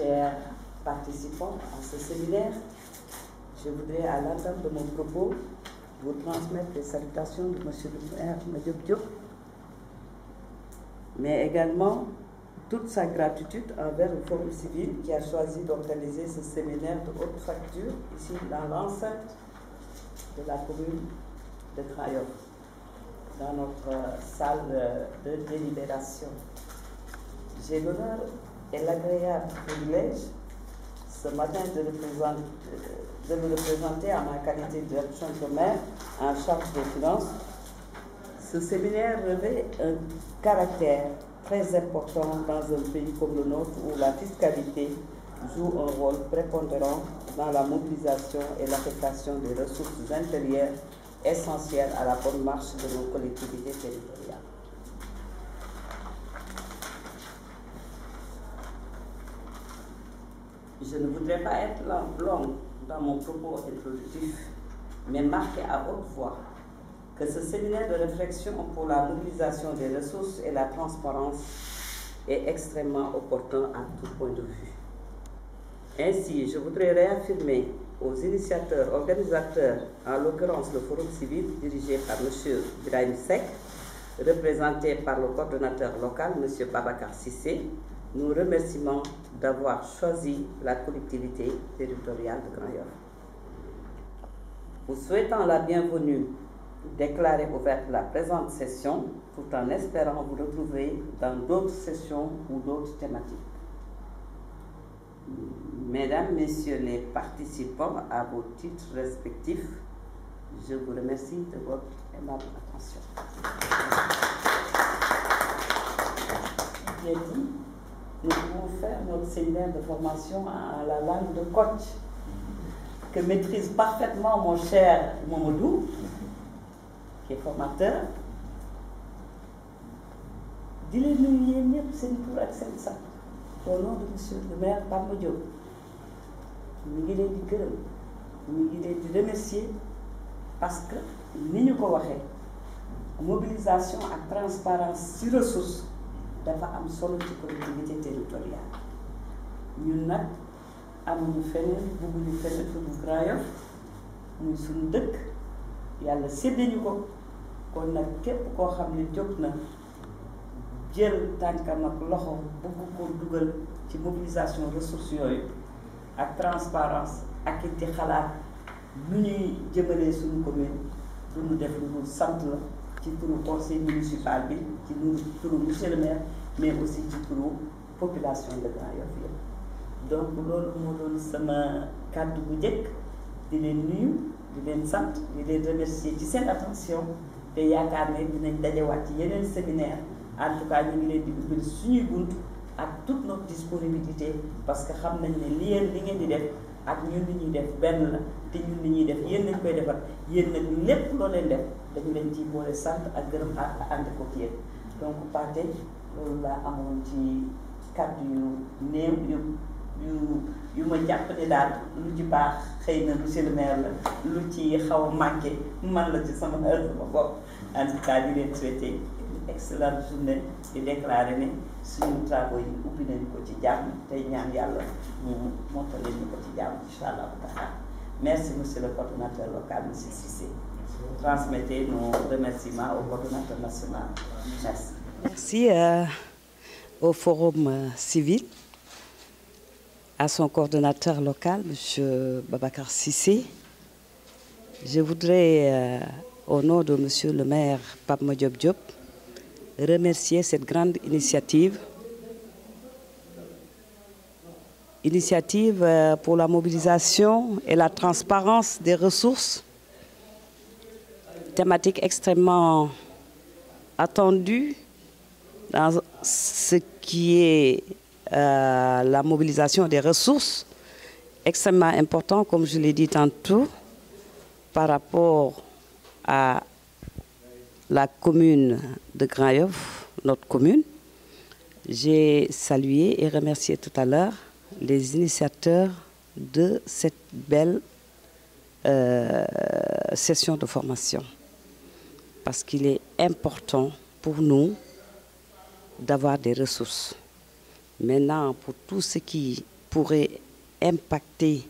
chers participants à ce séminaire, je voudrais, à l'entame de mon propos, vous transmettre les salutations de M. le maire Madiop mais également toute sa gratitude envers le Forum civil qui a choisi d'organiser ce séminaire de haute facture ici dans l'enceinte de la commune de Crayon, dans notre euh, salle euh, de délibération. J'ai l'honneur est l'agréable privilège ce matin de, représenter, représenter en ma qualité de de maire en charge des finances. Ce séminaire revêt un caractère très important dans un pays comme le nôtre où la fiscalité joue un rôle prépondérant dans la mobilisation et l'affectation des ressources intérieures essentielles à la bonne marche de nos collectivités territoriales. je ne voudrais pas être longue dans mon propos introductif, mais marquer à haute voix que ce séminaire de réflexion pour la mobilisation des ressources et la transparence est extrêmement opportun à tout point de vue. Ainsi, je voudrais réaffirmer aux initiateurs, organisateurs, en l'occurrence le Forum civil dirigé par M. Ibrahim représenté par le coordonnateur local, M. Babakar Sissé, nous remercions d'avoir choisi la collectivité territoriale de Grand Yoff. Vous souhaitant la bienvenue, déclarez ouverte la présente session tout en espérant vous retrouver dans d'autres sessions ou d'autres thématiques. Mesdames, Messieurs les participants, à vos titres respectifs, je vous remercie de votre attention. nous pouvons faire notre séminaire de formation à la langue de Koch, que maîtrise parfaitement mon cher Momodou, qui est formateur. Dis-le nous yéen ñëpp seen tur ak seen sant au de monsieur le maire Pamba Diop ñu ngi leen di gërëm ñu ngi leen di remercier parce que ni ñu ko waxee mobilisation ak transparence ci ressource dafa am solo ci collectivité territoriale ñun nag amuñu feneen bugguñu feneen fu du Grand Yoff suñu dëkk yàlla séddañu ko kon nag képp koo xam ne jóg na jël tànkam loxo bugg ko dugal ci mobilisation ressources yooyu ak transparence ak it di xalaat lu ñuy jëmalee suñu commune duñu def lu sant la ci turu conseil municipal bi ci turu monsieur le maire mais aussi ci turu population de Grand Yoff yëpp donc loolu moo doon sama kàddu bu njëkk di leen nuyu di leen sant di leen remercier ci seen attention te yaakaar ne dinañ dajewaat ci yeneen séminaire en tout ñu ngi leen di ubbil suñuy bunt ak toute notre disponibilité parce que xam nañ ni li yéen li ngeen di def ak ñun li ñuy def benn la te ñun li ñuy def yéen lañ koy defal yéen nag lépp loo leen def dañu leen ci boole sant ak gërëm ak ànd ko donc Pathé loolu laa amoon ci kàddu yu néew yu yu ma jàpp ne daal lu ci baax xëy na monsieur le maire la lu ci xaw a manqué man la ci sama heure sama bopp en tout cas di leen souhaiter excellente journée di déclarer ne suñu travaux yi ubbi nañu ko ci jàmm tey ñaan yàlla mu montale ñu ko ci jàmm incha allah taala merci monsieur le coordonnateur local monsieur Cissé. transmettez nos remerciements au coordonnateur national. Merci. Merci euh, au Forum euh, civil, à son coordonnateur local, M. Babacar Sissé. Je voudrais, euh, au nom de M. le maire Pape Modiop Diop, remercier cette grande Initiative euh, pour la mobilisation et la transparence des ressources thématique extrêmement attendue dans ce qui est euh, la mobilisation des ressources, extrêmement important, comme je l'ai dit tantôt, par rapport à la commune de grand notre commune. J'ai salué et remercié tout à l'heure les initiateurs de cette belle euh, session de formation. parce qu'il est important pour nous d'avoir des ressources. Maintenant, pour tout ce qui pourrait impacter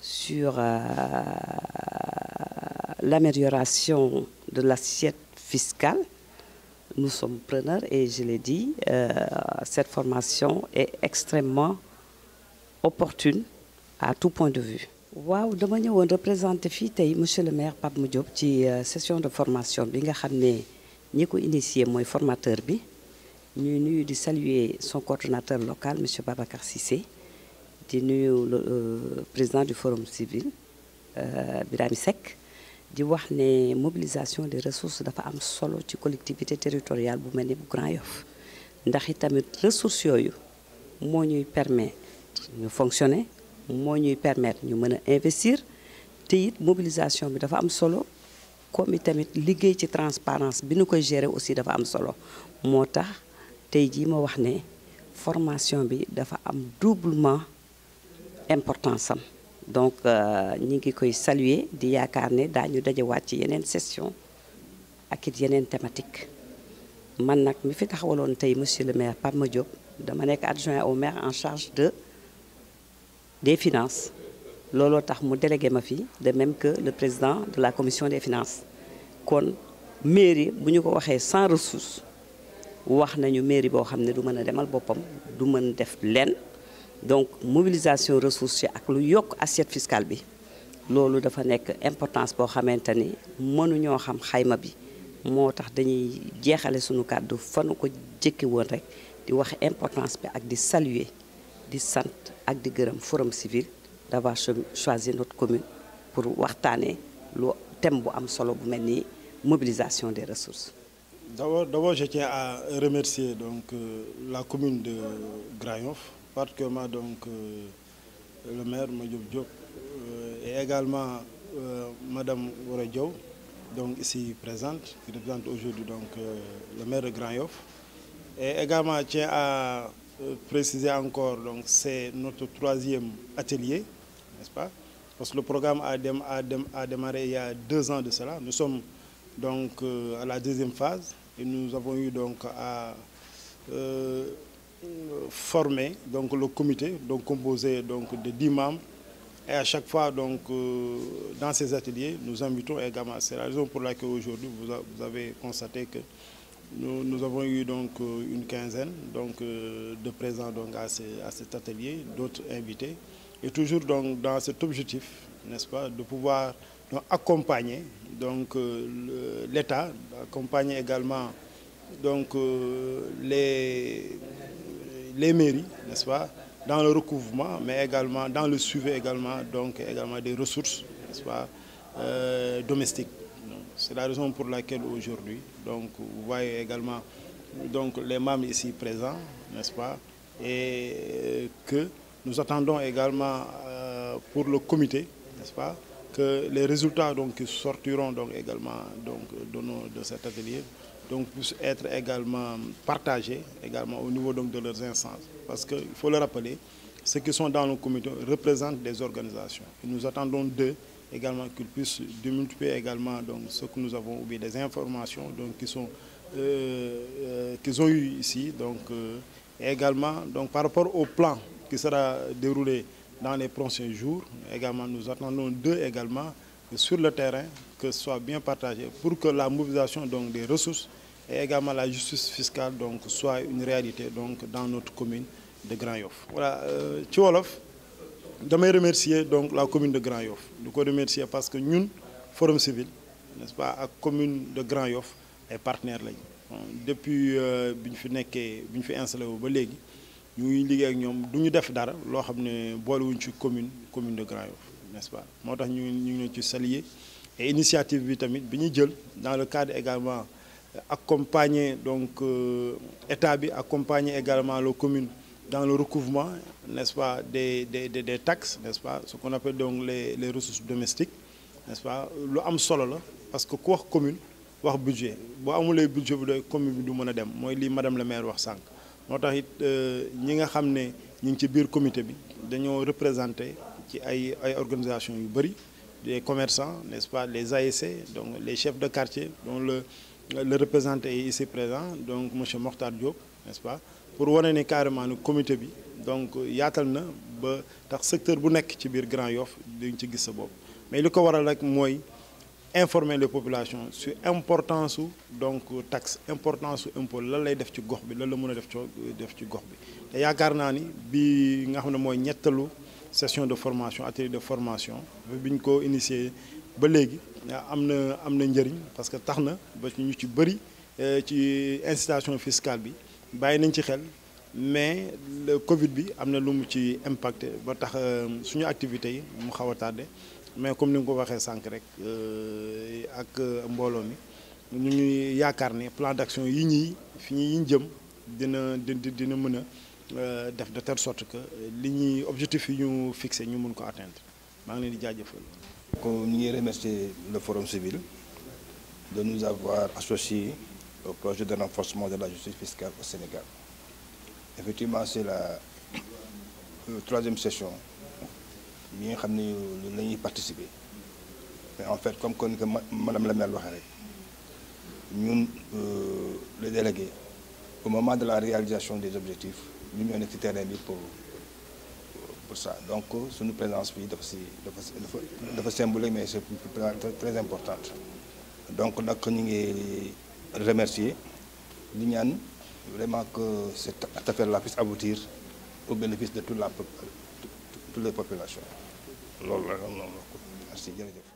sur euh, l'amélioration de l'assiette fiscale, nous sommes preneurs et je l'ai dit, euh, cette formation est extrêmement opportune à tout point de vue. waaw dama ñëwoon représenté fii tey monsieur le maire pab Pape Madiop ci euh, session de formation bi nga xam ne ñi ko initié mooy formateur bi ñuy nuyu di saluer son coordonnateur local monsieur Babacar Cissé di nuyu le euh, président du forum civil euh, Birame Seck di wax ne mobilisation des ressources dafa am solo ci collectivité territoriale bu mel ni bu Grand Yoff ndax itamit ressources yooyu moo ñuy permet ñu fonctionner moo ñuy permettre ñu mën a investir te it mobilisation bi dafa am solo comme tamit liggéey ci transparence bi nu koy gérer aussi dafa am solo moo tax tey jii ma wax ne formation bi dafa am doublement importance sam donc euh, ñi ngi koy saluer di yaakaar ne daañu dajewaat ci yeneen session ak it yeneen thématique man nag mi fi taxawaloon tey monsieur le maire Pape Madiop dama nekk adjoint au maire en charge de des finances looloo tax mu délégué ma fi de même que le président de la commission de finances kon mairie bu ñu ko waxee sans ressource wax nañu mairie boo xam ne du mën a demal boppam du mën def lenn donc mobilisation ressource yi ak lu yokk assiette fiscale bi loolu dafa nekk importance boo xamante ni mënuñoo xam xayma bi moo tax dañuy jeexale sunu kàddu fanu ko jëkki woon rek di wax importance bi ak di saluer di sant ak di gërëm forum civil d'avoir choisi notre commune pour waxtaanee lu thème bu am solo bu mel ni mobilisation des ressources. D'abord, d'abord, je tiens à remercier donc euh, la commune de Grand-Yoff, particulièrement donc euh, le maire Madiop Diop euh, et également euh, Madame Wore Diaw, donc ici présente, qui représente aujourd'hui donc le maire de Grand-Yoff. Et également, tiens Euh, préciser encore, donc c'est notre troisième atelier, n'est-ce pas Parce que le programme a, dém a, dém a, démarré il y a deux ans de cela. Nous sommes donc euh, à la deuxième phase et nous avons eu donc à euh, former donc le comité, donc composé donc de dix membres. Et à chaque fois, donc, dans ces ateliers, nous invitons également. C'est la raison pour laquelle aujourd'hui, vous avez constaté que Nous, avons eu donc euh, une quinzaine donc, euh, de présent donc, à, ce, à cet atelier, d'autres invités, et toujours donc, dans cet objectif, n'est-ce pas, de pouvoir donc, accompagner donc, euh, l'État, accompagner également donc, les, les mairies, n'est-ce pas, dans le recouvrement, mais également dans le suivi également, donc, également des ressources, n'est-ce pas, C'est la raison pour laquelle aujourd'hui, donc vous voyez également donc les mâmes ici présents, n'est-ce pas, et euh, que nous attendons également euh, pour le comité, pas, que les résultats donc qui sortiront donc également donc de, nos, de atelier donc puissent être également partagés également au niveau donc de leurs instances. Parce qu'il faut le rappeler, ceux qui sont dans le comité représentent des organisations. Et nous attendons d'eux également qu'ils puissent démultiplier également donc, ce que nous avons ou des informations donc, qui sont, euh, euh qu'ils ont eues ici. Donc, euh, également, donc, par rapport au plan qui sera déroulé dans les prochains jours, également, nous attendons d'eux également sur le terrain que soit bien partagé pour que la mobilisation donc, des ressources et également la justice fiscale donc, soit une réalité donc, dans notre commune de Grand Yoff. Voilà, euh, damay remercier donc la commune de Grand Yoff di ko remercier parce que ñun Forum Civil n'est-ce pas ak commune de Grand Yoff ay partenaires lañ depuis euh, bi ñu fi nekkee bu ñu fi installé wu ba léegi ñu liggéey ak ñoom du ñu def dara loo xam ne boolewuñ ci commune commune de Grand Yoff n'est-ce pas moo tax ñu ñu ngi leen ci saluer et initiative bi tamit bi ñu jël dans le cadre également accompagner donc euh, état bi accompagner également la commune dans le recouvement n'est-ce pas, des, des, des, des taxes, n'est-ce pas, ce qu'on appelle donc les, les ressources domestiques, n'est-ce pas, lu am solo la parce que ku wax commune wax budget boo amulee budget bu doy commune bi du mën a dem mooy lii madame le wax sànq moo tax it euh, ñi nga xam ne ñu ngi ci biir comité bi dañoo représenté ci ay ay organisations yu bëri des commerçants n'est-ce pas les ASC donc les chefs de quartier dont le le représentant est ici présent donc monsieur Mokhtar Diop n'est-ce pas pour wane ni carrément ni comité bi donc yaatal na ba tax secteur bu nekk ci biir Grand Yoff dañ ci gis sa bopp mais li ko waral rek mooy informer les population sur importance su donc tax importance su impôt lan lay def ci gox bi lan la mën a def ci def ci gox bi te yaakaar naa ni bi nga xam ne mooy ñettalu session de formation atelier de formation bi ñu ko initié ba léegi am na am na njëriñ parce que tax na ba ñu ci bëri eh, ci incitation fiscale bi bàyyi nañ ci xel mais le Covid bi am na lu mu ci impacté ba tax euh, suñu activités yi mu xaw a tardé mais comme ni nga ko waxee sànq rek euh, ak euh, mbooloo mi ñu ñuy yaakaar ne plan d'action yi ñuy fi ñuy jëm dina dina mën a def de telle sorte que li ñuy objectif yi ñu fixé ñu mun ko atteindre maa ngi leen di jaajëfal. kon ñu ngi remercier le forum civil de nous avoir associés. au projet de renforcement de la justice fiscale au Sénégal. Effectivement, c'est la euh, troisième session bi nga xam ne la ñuy participer mais en fait comme kon que madame la maire waxee rek ñun euh, les délégués au moment de la réalisation des objectifs ñu ñoo nekk ci terrain bi pour pour ça donc suñu présence bi dafa si dafa dafa dafa symbolique mais c'est très importante donc nag ñu ngi. remercier di ñaan vraiment que cette affaire là puisse aboutir au bénéfice de tout la toute la population loolu la noonu la ko merci jërëjëf.